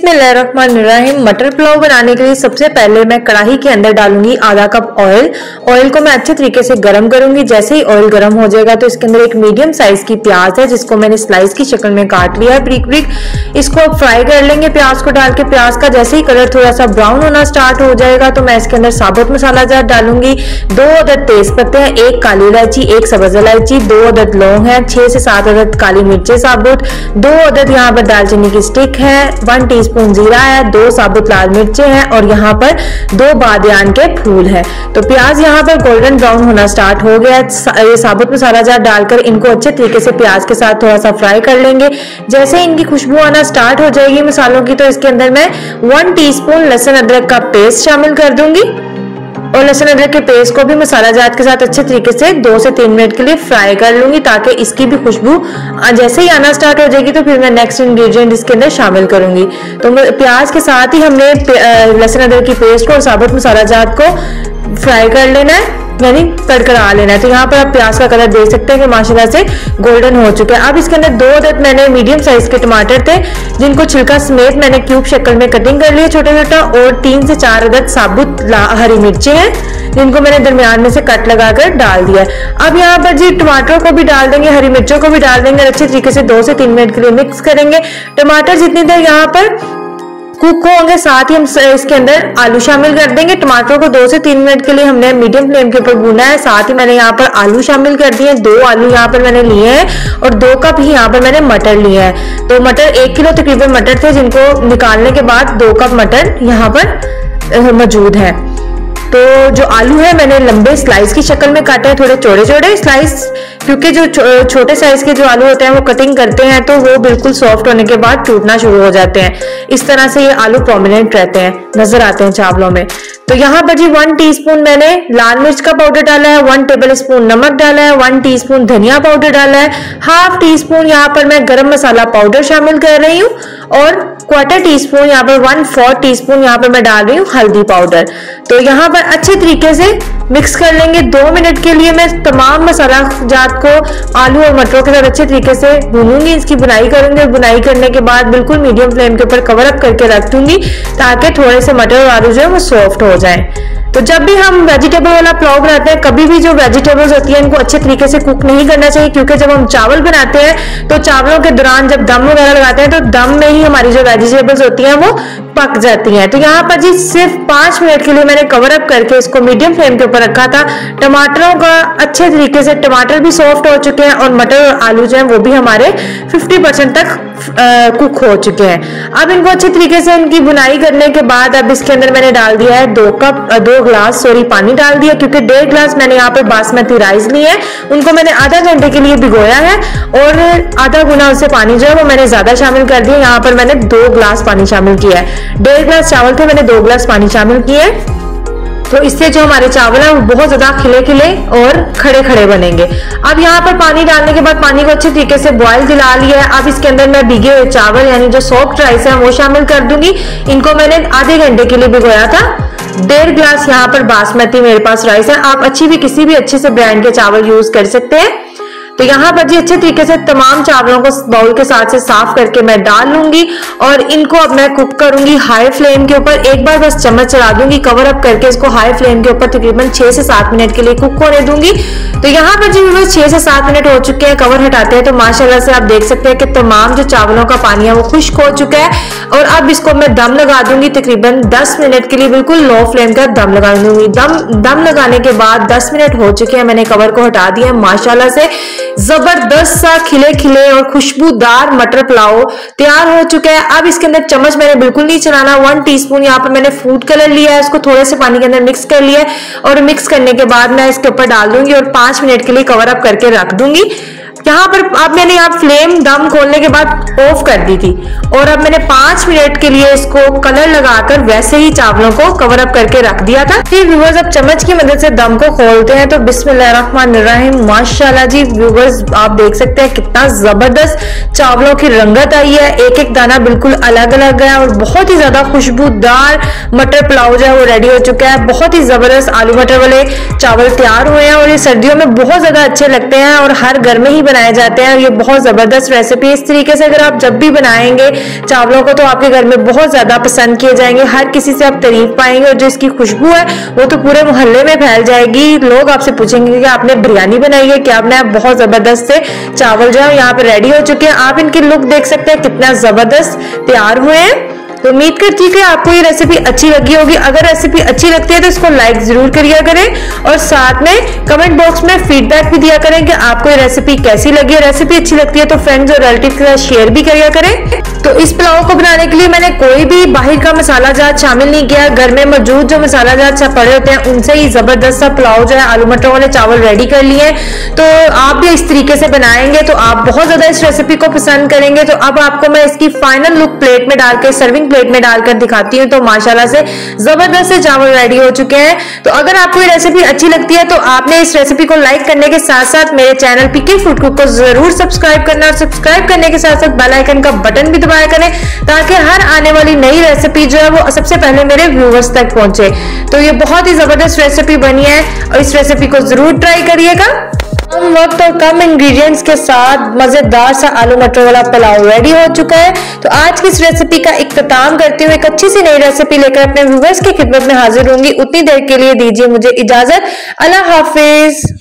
बिस्मिल्लाहिर्रहमानिर्रहीम मटर पुलाव बनाने के लिए सबसे पहले मैं कढ़ाई के अंदर डालूंगी आधा कप ऑयल ऑयल को मैं अच्छे तरीके से गर्म करूंगी जैसे ही ऑयल गर्म हो जाएगा तो इसके अंदर एक मीडियम साइज की प्याज है जिसको मैंने स्लाइस की शक्ल में काट लिया है ब्रिक ब्रिक इसको अब फ्राई कर लेंगे प्याज को डाल के प्याज का जैसे ही कलर थोड़ा सा ब्राउन होना स्टार्ट हो जाएगा तो मैं इसके अंदर साबुत मसाला जार डालूंगी दो अदद तेज पत्ते हैं एक काली इलायची एक सब्ज इलायची दो अदद लौंग है छह से सात अदद काली मिर्चें साबुत दो अदद यहाँ पर दालचीनी की स्टिक है वन टी टीस्पून जीरा है दो साबुत लाल मिर्चें हैं और यहाँ पर दो बादयान के फूल हैं तो प्याज यहाँ पर गोल्डन ब्राउन होना स्टार्ट हो गया ये साबुत मसाला जार डालकर इनको अच्छे तरीके से प्याज के साथ थोड़ा सा फ्राई कर लेंगे जैसे इनकी खुशबू आना स्टार्ट हो जाएगी मसालों की तो इसके अंदर मैं वन स्पून लहसुन अदरक का पेस्ट शामिल कर दूंगी और लहसुन अदरक के पेस्ट को भी मसाला जात के साथ अच्छे तरीके से दो से तीन मिनट के लिए फ्राई कर लूंगी ताकि इसकी भी खुशबू जैसे ही आना स्टार्ट हो जाएगी तो फिर मैं नेक्स्ट इंग्रेडिएंट इसके अंदर शामिल करूंगी तो प्याज के साथ ही हमने लहसुन अदरक की पेस्ट को और साबुत मसाला जात को फ्राई कर लेना है यानी कड़कड़ा लेना है तो यहाँ पर आप प्याज का कलर देख सकते हैं कि माशाला से गोल्डन हो चुका है अब इसके अंदर दो अदद मैंने मीडियम साइज के टमाटर थे जिनको छिलका समेत मैंने क्यूब शक्ल में कटिंग कर लिया छोटा छोटा और तीन से चार अदद साबुत हरी मिर्ची हैं जिनको मैंने दरमियान में से कट लगाकर डाल दिया अब यहाँ पर जी टमाटरों को भी डाल देंगे हरी मिर्चों को भी डाल देंगे अच्छे तरीके से दो से तीन मिनट के लिए मिक्स करेंगे टमाटर जितनी देर यहाँ पर कुक होंगे साथ ही हम इसके अंदर आलू शामिल कर देंगे टमाटर को दो से तीन मिनट के लिए हमने मीडियम फ्लेम के ऊपर भूना है साथ ही मैंने यहाँ पर आलू शामिल कर दिए दो आलू यहाँ पर मैंने लिए हैं और दो कप ही यहाँ पर मैंने मटर लिए हैं तो मटर एक किलो तकरीबन मटर थे जिनको निकालने के बाद दो कप मटर यहाँ पर मौजूद है तो जो आलू है मैंने लंबे स्लाइस की शक्ल में काटे हैं थोड़े चौड़े चौड़े स्लाइस क्योंकि जो छोटे साइज के जो आलू होते हैं वो कटिंग करते हैं तो वो बिल्कुल सॉफ्ट होने के बाद टूटना शुरू हो जाते हैं इस तरह से ये आलू प्रोमिनेंट रहते हैं नजर आते हैं चावलों में तो यहाँ पर जी वन टीस्पून मैंने लाल मिर्च का पाउडर डाला है वन टेबल स्पून नमक डाला है वन टीस्पून धनिया पाउडर डाला है हाफ टी स्पून यहाँ पर मैं गरम मसाला पाउडर शामिल कर रही हूँ और क्वार्टर टी स्पून यहाँ पर वन फोर टी स्पून यहाँ पर मैं डाल रही हूँ हल्दी पाउडर तो यहाँ पर अच्छे तरीके से मिक्स कर लेंगे दो मिनट के लिए मैं तमाम मसाला जात को आलू और मटरों के साथ अच्छे तरीके से भूनूंगी इसकी बुनाई करूंगी और बुनाई करने के बाद बिल्कुल मीडियम फ्लेम के ऊपर कवर अप करके रख दूंगी ताकि थोड़े से मटर और आलू जो है वो सॉफ्ट हो जाए तो जब भी हम वेजिटेबल वाला प्लाव बनाते हैं कभी भी जो वेजिटेबल्स होती है इनको अच्छे तरीके से कुक नहीं करना चाहिए क्योंकि जब हम चावल बनाते हैं तो चावलों के दौरान जब दम वगैरह लगाते हैं तो दम में ही हमारी जो वेजिटेबल्स होती हैं वो पक जाती हैं तो यहाँ पर जी सिर्फ पांच मिनट के लिए मैंने कवर अप करके इसको मीडियम फ्लेम के ऊपर रखा था टमाटरों का अच्छे तरीके से टमाटर भी सॉफ्ट हो चुके हैं और मटर और आलू जो है वो भी हमारे 50 परसेंट तक कुक हो चुके हैं अब इनको अच्छे तरीके से इनकी बुनाई करने के बाद अब इसके अंदर मैंने डाल दिया है दो कप दो ग्लास सॉरी पानी डाल दिया क्योंकि डेढ़ ग्लास मैंने यहाँ पे बासमती राइस ली है उनको मैंने आधा घंटे के लिए भिगोया है और आधा गुना उससे पानी जो है वो मैंने ज्यादा शामिल कर दिया यहाँ पर मैंने दो ग्लास पानी शामिल किया है डेढ़ ग्लास चावल थे मैंने दो ग्लास पानी शामिल किया है तो इससे जो हमारे चावल है वो बहुत ज्यादा खिले खिले और खड़े खड़े बनेंगे अब यहाँ पर पानी डालने के बाद पानी को अच्छे तरीके से बॉयल दिला लिया है अब इसके अंदर मैं भिगे हुए चावल यानी जो सॉफ्ट राइस है वो शामिल कर दूंगी इनको मैंने आधे घंटे के लिए भिगोया था डेढ़ ग्लास यहाँ पर बासमती मेरे पास राइस है आप अच्छी भी किसी भी अच्छे से ब्रांड के चावल यूज कर सकते हैं तो यहाँ पर जी अच्छे तरीके से तमाम चावलों को बाउल के साथ से साफ करके मैं डाल लूंगी और इनको अब मैं कुक करूंगी हाई फ्लेम के ऊपर एक बार बस चम्मच चला दूंगी कवर अप करके इसको हाई फ्लेम के ऊपर तकरीबन छह से सात मिनट के लिए कुक होने दूंगी तो यहाँ पर जी बस छह से सात मिनट हो चुके हैं कवर हटाते हैं तो माशाला से आप देख सकते हैं कि तमाम जो चावलों का पानी है वो खुश्क हो चुका है और अब इसको मैं दम लगा दूंगी तकरीबन दस मिनट के लिए बिल्कुल लो फ्लेम का दम लगा दूंगी दम दम लगाने के बाद दस मिनट हो चुके हैं मैंने कवर को हटा दिया माशाला से जबरदस्त सा खिले खिले और खुशबूदार मटर पुलाव तैयार हो चुका है अब इसके अंदर चम्मच मैंने बिल्कुल नहीं चलाना वन टीस्पून यहाँ पर मैंने फूड कलर लिया है उसको थोड़े से पानी के अंदर मिक्स कर लिया है और मिक्स करने के बाद मैं इसके ऊपर डाल दूंगी और पांच मिनट के लिए कवर अप करके रख दूंगी यहाँ पर अब मैंने यहाँ फ्लेम दम खोलने के बाद ऑफ कर दी थी और अब मैंने पांच मिनट के लिए इसको कलर लगाकर वैसे ही चावलों को कवर अप करके रख दिया था फिर व्यूवर्स अब चम्मच की मदद से दम को खोलते हैं तो बिस्मिल्लाहिर्रहमानिर्रहीम माशाल्लाह जी व्यूवर्स आप देख सकते हैं कितना जबरदस्त चावलों की रंगत आई है एक एक दाना बिल्कुल अलग अलग है और बहुत ही ज्यादा खुशबूदार मटर पुलाव जो है वो रेडी हो चुका है बहुत ही जबरदस्त आलू मटर वाले चावल तैयार हुए हैं और ये सर्दियों में बहुत ज्यादा अच्छे लगते हैं और हर घर में ही बनाए बनाए जाते हैं और ये बहुत ज़बरदस्त रेसिपी है इस तरीके से अगर आप जब भी बनाएंगे चावलों को तो आपके घर में बहुत ज़्यादा पसंद किए जाएंगे हर किसी से आप तारीफ पाएंगे और जो इसकी खुशबू है वो तो पूरे मोहल्ले में फैल जाएगी लोग आपसे पूछेंगे कि आपने बिरयानी बनाई है क्या आपने आप बहुत ज़बरदस्त से चावल जो है यहाँ पे रेडी हो चुके हैं आप इनकी लुक देख सकते हैं कितना ज़बरदस्त तैयार हुए हैं तो उम्मीद करती हूँ कि आपको ये रेसिपी अच्छी लगी होगी अगर रेसिपी अच्छी लगती है तो इसको लाइक जरूर करिया करें और साथ में कमेंट बॉक्स में फीडबैक भी दिया करें कि आपको ये रेसिपी कैसी लगी है रेसिपी अच्छी लगती है तो फ्रेंड्स और रिलेटिव के साथ शेयर भी करिया करें तो इस पुलाव को बनाने के लिए मैंने कोई भी बाहर का मसाला जात शामिल नहीं किया घर में मौजूद जो मसाला जात पड़े होते हैं उनसे ही जबरदस्त सा पुलाव जो है आलू मटर वाले चावल रेडी कर लिए तो आप भी इस तरीके से बनाएंगे तो आप बहुत ज्यादा इस रेसिपी को पसंद करेंगे तो अब आपको मैं इसकी फाइनल लुक प्लेट में डाल के सर्विंग प्लेट में डालकर दिखाती हूँ तो माशाला से जबरदस्त से चावल रेडी हो चुके हैं तो अगर आपको ये रेसिपी अच्छी लगती है तो आपने इस रेसिपी को लाइक करने के साथ साथ मेरे चैनल पीके फूड कुक को जरूर सब्सक्राइब करना और सब्सक्राइब करने के साथ साथ बेल आइकन का बटन भी दबाया करें ताकि हर आने वाली नई रेसिपी जो है वो सबसे पहले मेरे व्यूवर्स तक पहुंचे तो ये बहुत ही जबरदस्त रेसिपी बनी है और इस रेसिपी को जरूर ट्राई करिएगा कम वक्त और कम इंग्रेडिएंट्स के साथ मज़ेदार सा आलू मटर वाला पुलाव रेडी हो चुका है तो आज की इस रेसिपी का इख्ताम करते हुए एक अच्छी सी नई रेसिपी लेकर अपने व्यूवर्स की खिदमत में हाजिर होंगी उतनी देर के लिए दीजिए मुझे इजाज़त अल्लाह हाफिज़